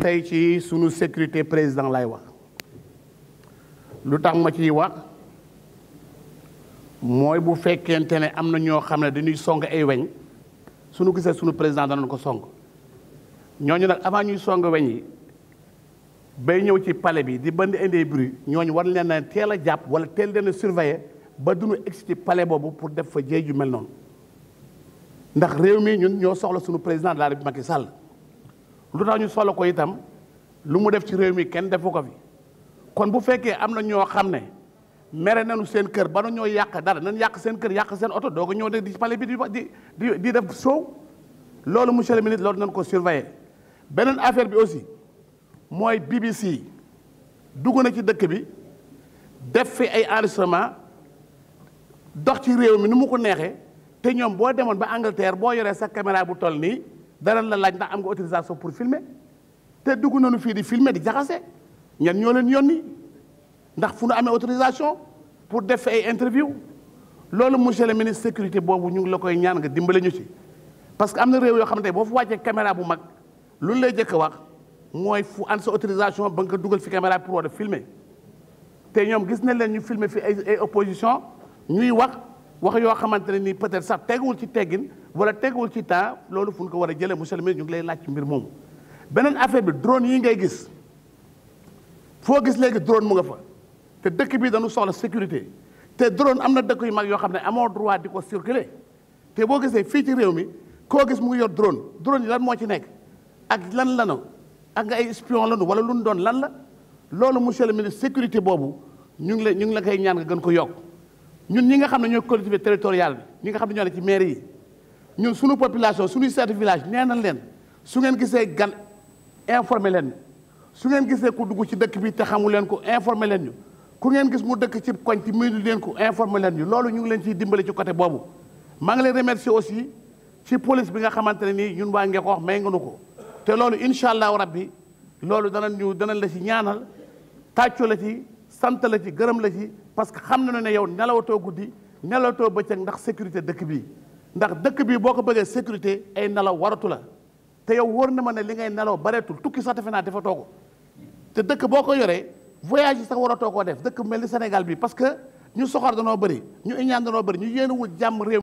tey ci suñu sécurité président lay wax lu tax ma ciy wax mooy bu fekkente ne am na ñoo xam ne dañuy song ay weñ sunu gisee suñu président danañ ko song ñooñu nag avant ñuy song weñ yi bay ñëw ci pale bi di bandi indee bruit ñooñu war leen a teel a jàpp wala teel leen a surveiller ba duñu egsi ci palais boobu pour def fa jéey ju mel noonu ndax réew mii ñun ñoo soxla sunu président de la République Macky Sall lu tax ñu solo ko itam lu mu def ci réew mi kenn defu ko fi kon bu fekkee am na ñoo xam ne mere nañu seen kër ba na ñoo yàq dara nañ yàq seen kër yàq seen oto doo ko ñëw de di pale bi di di di def soow loolu monsieur le ministre loolu nañ ko surveiller beneen affaire bi aussi mooy BBC dugg na ci dëkk bi def fi ay enregistrement dox ci réew mi nu mu ko neexee te ñoom boo demoon ba Angleterre boo yoree sa caméra bu toll nii dara la laaj ndax am nga autorisation pour filmer te dugg nañu fii di filmer di jaxase ñan ñoo leen yónni ndax fu nu amee autorisation pour def ay interview loolu monsieur le ministre sécurité boobu ñu ngi la koy ñaan nga dimbale ñu ci parce que am na réew yoo xam ne boo fa wàccee caméra bu mag lu lay jëkk wax mooy fu an sa autorisation ba nga dugal fi caméra pour war a filmer te ñoom gis nañ leen ñu filmer fi ay opposition ñuy wax wax yoo xamante ne nii peut-être sax teguwul ci teggin wala teguwul ci temps loolu fu ñu ko war a jëlee monsieur le ministre ñu ngi lay laaj ci mbir moomu. beneen affaire bi drone yi ngay gis foo gis léegi drone mu nga fa te dëkk bi dañu soxla sécurité te drone am na dëkk yu mag yoo xam ne amoo droit di ko circuler te boo gisee fii ci réew mi koo gis mu ngi yor drone drone yi lan moo ci nekk ak lan lanu ak nga ay espion lanu wala lu doon lan la loolu monsieur le ministre sécurité boobu ñu ngi la ñu ngi la koy ñaan gën ko yokk. ñun ñi nga xam ne ñooy collectivité territoriale bi ñi nga xam ne ñoo ne ci mairie yi ñun suñu population suñuy chef village nee nañ leen su ngeen gisee gan informé leen su ngeen gisee ku dugg ci dëkk bi te xamul leen ko informé leen ñu ku ngeen gis mu dëkk ci koñ ci muy leen ko informé leen ñu loolu ñu ngi leen ciy dimbali ci côté boobu maa ngi leen remercier aussi ci police bi nga xamante ne nii ñun waa Ngexoox may nga ko te loolu incha allahu rabbi loolu danañ ñu danañ la ci ñaanal tàccu la ci sant la ci gërëm la ci parce que xam na ne yow nelawatoo guddi nelawatoo bëccëg ndax sécurité dëkk bi ndax dëkk bii boo ko bëggee sécurité ay nelaw waratu la te yow wóor na ma ne li ngay nelaw bareetul tukki sax defe naa dafa ko te dëkk boo ko yoree voyage yi sax waratoo koo def dëkk mel ni Sénégal bii parce que ñu soxor danoo bëri ñu iñaan danoo bëri ñu yéen wut jàmm réew